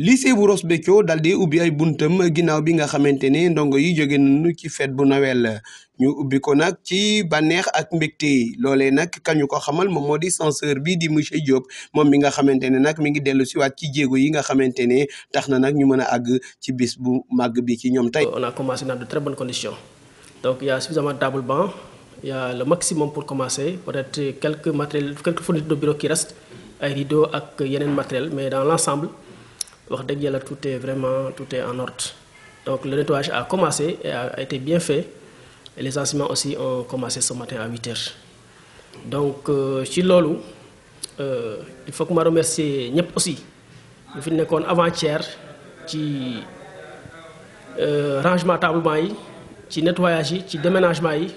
lycée bu Ross Béthio dal ubbi ay buntam ginaaw bi nga xamantene ndongo yi jóge nañu ci fête bu nawel ñu ubbi ko nak ci banex ak mbégte lolé nak kañu ko xamal mom modi censeur bi di monsieur Diop mom mi nga xamantene nak mi ngi ci wat ci djégo yi nga xamantene taxna nak ñu mëna ag ci bis bu mag bi ci ñom tay on a commencé dans de très bonnes conditions donc il y a suffisamment de table banc il y a le maximum pour commencer peut-être quelques matériels quelques fournitures de bureau qui restent ay rideaux ak yenen matériel mais dans l'ensemble wax tout est vraiment tout est en ordre donc le nettoyage a commencé et a été bien fait et les enseignements aussi ont commencé ce matin à 8 h donc euh, ci lolo euh, il faut que ma remercier ñep aussi ñu fi nekkoon avant-hier ci euh, rangement table, table, ci nettoyage ci déménagement yi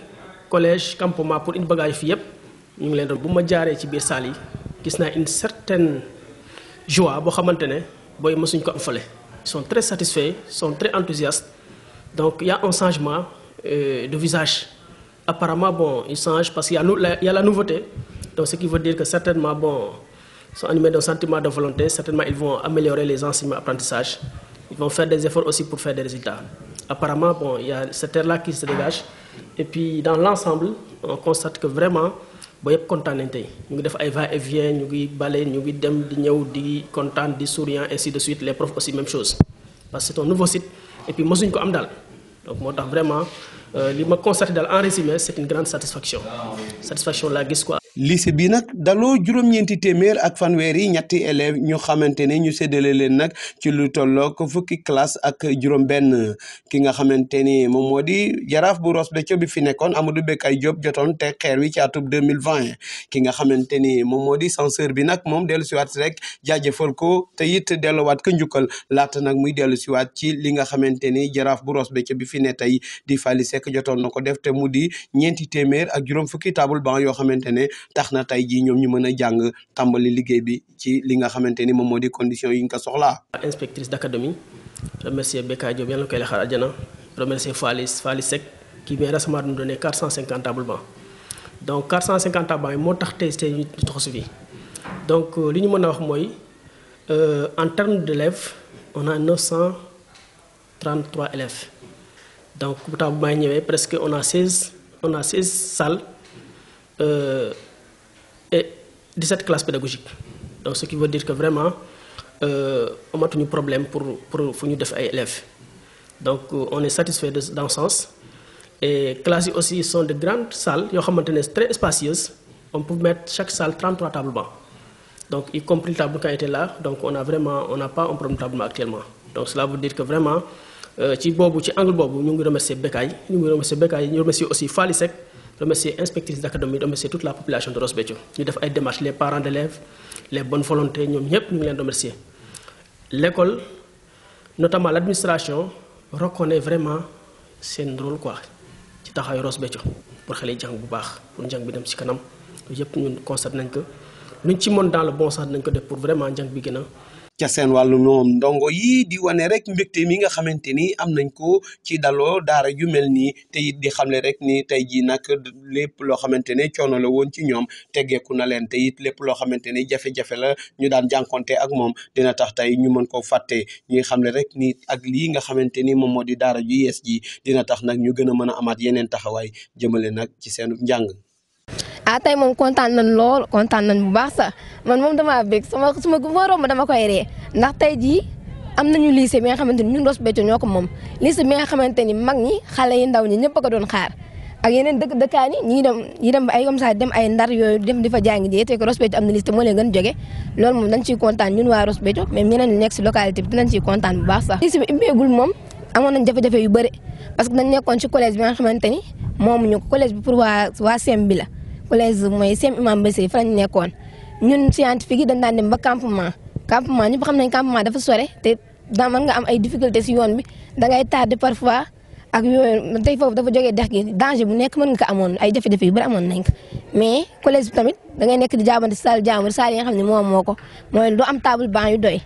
collège campement pour une bagage fi yëpp ñu ngi leen bu ma ci biir salle gis une certaine joie pour xamantene ils sont très satisfaits ils sont très enthousiastes donc il y a un changement euh, de visage apparemment bon ils changent parce qu'il y a la nouveauté donc ce qui veut dire que certainement bon sont animés d'un sentiment de volonté certainement ils vont améliorer les enseignements apprentissage ils vont faire des efforts aussi pour faire des résultats apparemment bon il y a cette terre là qui se dégage et puis dans l'ensemble on constate que vraiment ba you kontaan nañ tey ñu ngi va et vient di di di souriant ainsi de suite les profs aussi même chose parce que c'est un nouveau site et puis ko am donc vraiment euh, li ma constaté en résumé c'est une grande satisfaction satisfaction la gis quoi lycée bi nak dalo juróom ñenti témèr ak fanweer yi ñatti élèves ñu xamante ñu sédélé leen nak ci lu tollok fukki classe ak juróom ben ki nga xamante mom modi moo jaraaf bu Ross ci bi fi nekkoon Amadou Bekay job joton té xéer wi ci atub 2020 ki nga xamante mom modi censeur bi mom moom ci wat rek jaajëfal ko yitt it wat ko ñukkal lat nak muy ci wat ci li nga xamante jaraaf bu Ross ci bi fi né tay di fali sék joton nako def té mudi ñenti témèr ak juróom fukki table ban yo xamante taxna na tey jii ñu mëna jang tambali tàmbali liggéey bi ci li nga xamanteni mom modi condition yi nga soxla inspectrice d'académie remercier Beka Diop yalla koy la aljana àjjana remercier Falis Falis Seck qui vient récemment nous donner 450 abonnements donc 450 abonnements yi moo tax tey tey ñu toxu fi donc euh, li ñu mëna wax moy euh en termes d'élèves on a 933 élèves donc bu ta bay may presque on a 16 on a 16 salles. Euh, 17 classes pédagogiques donc ce qui veut dire que vraiment on a un problème pour pour fu élèves donc euh, on est satisfait dans ce sens et les classes aussi sont de grandes salles une très spacieuses on peut mettre chaque salle 33 tables bancs donc y compris le table qui a été là donc on a vraiment on n'a pas un problème de table actuellement donc cela veut dire que vraiment euh, ci boobu ci angle boobu ñu ngi remercier Bekaay ñu ngi remercier aussi Falisek remercier inspectrice d'académie remercier toute la population de Rosbétio. Nous ñu def ay démarches les parents d'élèves les bonnes volontés nous ñëpp ñu ngi leen remercier l'école notamment l'administration reconnaît vraiment seen rôle quoi ci taxawaay Ross pour xale yi jàng bu baax pour njàng bi dem ci kanam nous ñun constate nañ ko luñ ci mën dans le bon sens nañ ko def pour vraiment njàng bi gën ca seen wàllu ñoom ndongo yi di wane rek mbégte mi nga xamante ni am nañ ko ci dalo daara ju mel nii te it di xamle rek ni tey jii nag lépp loo xamante ne coono la woon ci ñoom teggeeku na leen te it lépp loo xamante ni jafe-jafe la ñu daan jànkonte ak moom dina tax tey ñu mën koo fàtte ñuy xamle rek ni ak lii nga xamante ni moom moo di daara ju yees ji dina tax nag ñu gën a mën a amaat yeneen taxawaay jëmale nag ci seen njàng ah tey moom kontaan nañ lool kontaan nañ bu baax sax man moom damaa bég sama sama góoróom ma dama koy ree ndax tey jii am nañu lycée bi nga xamante ni ñun Ross Béthio ñoo ko moom lycée bi nga xamante ni mag ñi xale yi ndaw ñi ñëpp a ko doon xaar ak yeneen dëkk dëkkaan yi ñi dem yi dem ay comme ça dem ay ndar yooyu dem di fa jàngi jee te ko Ross Béthio am na lycée moo leen gën jóge loolu moom dañ ciy kontaan ñun waa Ross Béthio mais ñeneen ñi nekk si localité bi dinañ ciy kontaan bu baax sax lycée bi ubbeegul moom amoon nañ jafe-jafe yu bëri parce que dañ nekkoon ci collège bi nga xamante ni moomu ñu ko collège bi pour waa waa CEM bi la collège mooy CEM Imam Bassirou fa lañ nekkoon ne scientifique yi dañ daan dem ba campement campement ñëpp xam nañ campement dafa sore te daa mën nga am ay difficultés si yoon bi da ngay tardé parfois ak yooyu tey foofu dafa jógee dex gi danger bu nekk mën nga ko amoon ay jafe-jafe yu bari amoon nañ ko mais collège bi tamit da ngay nekk di jaabante si saal jàmbur saal yi nga xam ne moom moo ko mooy du am table banc yu doy.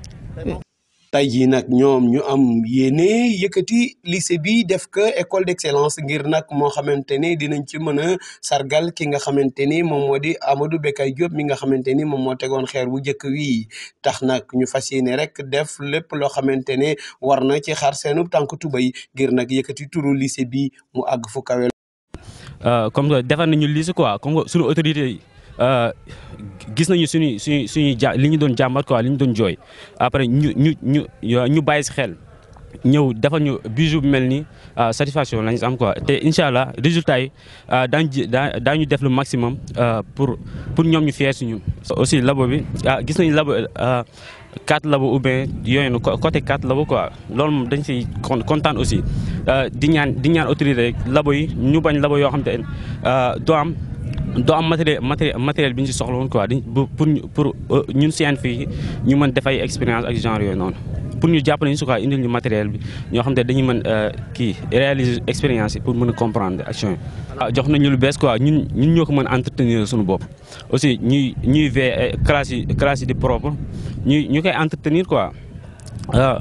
tey jii nag ñoom ñu am yéene yëkkati lycée bi def ko école d'excellence ngir nag moo xamante ni dinañ ci mën a sargal ki nga xamante ni moom moo di Amadou Bekay Diop mi nga xamante ni moom moo tegoon xeer bu njëkk wii tax nag ñu fas yéene rek def lépp loo xamante ne war na ci xar seenu tànk tubay ngir nag yëkkati turu lycée bi mu àgg fu kawe euh, comme que defar nañu lycée quoi comme que suñu autorité yi Euh, gis nañu suñu suñu suñuy ja li ñu doon jàmbat quoi li ñu doon jooy après ñu ñu ñu euh, ñu bàyyi si xel ñëw dafa ñu bijou bu mel ni euh, satisfaction lañ am quoi te incha allah résultat yi daañu daañu def le maximum pour pour ñoom ñu fier suñu aussi labo bi ah, gis nañu labo quatre labo ou bien yooyu na côté quatre labo quoi loolu moom dañ siy kontaan aussi di ñaan di ñaan autorité rek labo yi ñu bañ labo yoo xam te doo am doo am matériel matériel matériel bi ñu si soxla woon quoi dañ pour pour euh, ñun seen fii ñu mën def ay expérience ak genre yooyu noonu pour ñu jàppale ñu su quoi indil ñu matériel bi ñoo xam ne dañu mën euh, kii réaliser expérience yi pour mën a comprendre action yi. ah jox nañu lu bees quoi ñun ñun ñoo ko mën entretenir suñu bopp aussi ñuy ñuy veiller classes yi classes yi di propre ñuy ñu koy entretenir quoi. Euh,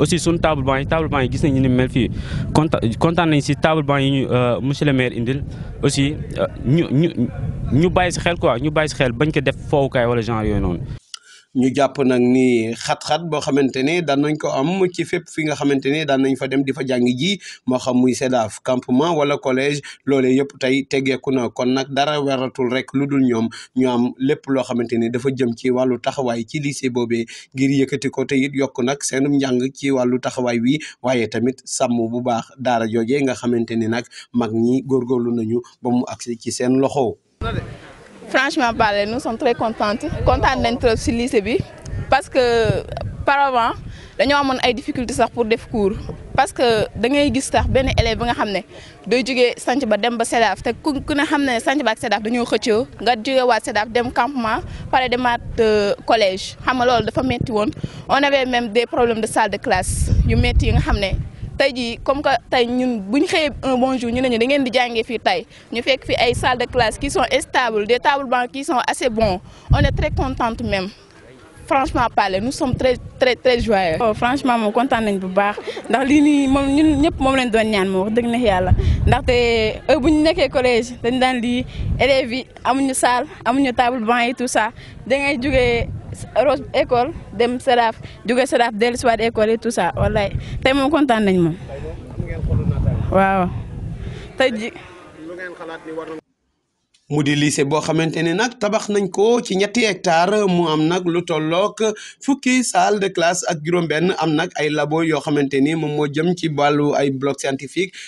aussi suñu table banc yi table banc yi gis nañu ni mel fii kontaan nañ si table banc yi ñu euh, monsieur le maire indil aussi euh, ñu ñu ñu bàyyi si xel quoi ñu bàyyi si xel bañ ko def foowukaay wala genre yooyu noonu. ñu jàpp nag ni xat-xat boo xamante ne daan nañ ko am ci fépp fi nga xamante ne daan nañ fa dem di fa jàng ji moo xam muy CEDAF campement wala collège loolee yëpp tey teggeeku na kon nag dara waratul rek lu dul ñoom ñu am lépp loo xamante ne dafa jëm ci wàllu taxawaay ci lycée boobee ngir yëkkati ko te it yokk nag seen njàng ci wàllu taxawaay wi waaye tamit sàmm bu baax daara joojee nga xamante ni nag mag ñi góorgóorlu nañu ba mu agsi ci seen loxo. Franchement parlé, nous sommes très contentes. Contentes d'être sur l'ICB. parce que par avant, nous avons des difficultés pour des cours. Parce que vous voyez ben élève nga xamné day joggé santhi ba dem ba sedaf té ku Nous xamné santhi ba ak ont campement paré euh, collège on avait même des problèmes de salle de classe tey comme que tey ñun bu ñu un bon jour ñu ne ñu da ngeen di jàngee fii ñu fekk fi ay salles de classe qui sont stables des tables bancs qui sont assez bons on est très contente même franchement parler nous sommes très très très joyeux. oh franchement moom kontaan nañ bu baax ndax lii nii moom ñun ñëpp moom lañ doon ñaan moo wax dëgg neex yàlla ndaxte bu ñu nekkee collège dañ daan lii élèves amuñu salle amuñu table banc et tout ça da ngay jugee. Rose école dem Seraf jóge Seraf dellusiwaat école et tout ça wallaay tey moom kontaan nañ moom waaw mu di lycée boo xamante ne nag tabax nañ ko ci ñetti hectare mu am nag lu tollook fukki salle de classe ak juróom-benn am nag ay labo yoo xamante ni moom moo jëm ci wàllu ay bloc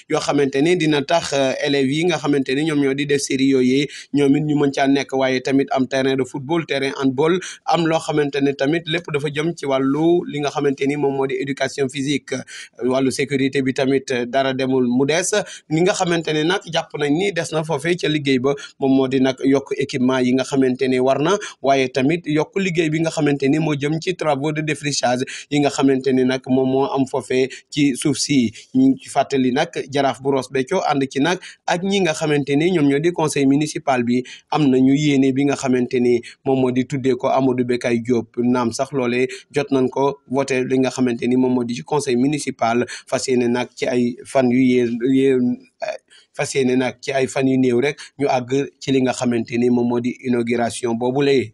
yoo xamante ni dina tax euh, élèves yi nga xamante ni ñoom ñoo di def série yooyu ñoom it ñu mën caa nekk waaye tamit am terrain de football terrain handball am loo xamante ne tamit lépp dafa jëm ci wàllu li nga xamante ni moom moo di éducation physique euh, wàllu sécurité bi tamit euh, dara demul mu des li nga xamante ne nag jàpp nañ ni des na foofee ca liggéey ba moom moo di nag yokk équipement yi nga xamante ne war na waaye tamit yokk liggéey bi nga xamante ni moo jëm ci travaux de défrichage yi nga xamante ne nag moom moo am foofee ci suuf si ñu fàttali nag jaraaf bu Ross Béthio ànd ci nag ak ñi nga xamante ni ñoom ñoo di conseil municipal bi am na ñu yéene bi nga xamante ni moom moo di tuddee ko Amadou Bekay Diop naam sax loolee jot nañ ko voté li nga xamante ni moom moo di ci conseil municipal fas yéene nag ci ay fan yu yée fas yéene nag ci ay fan yu néew rek ñu àgg ci li nga xamante ni moom moo di inauguration boobu lee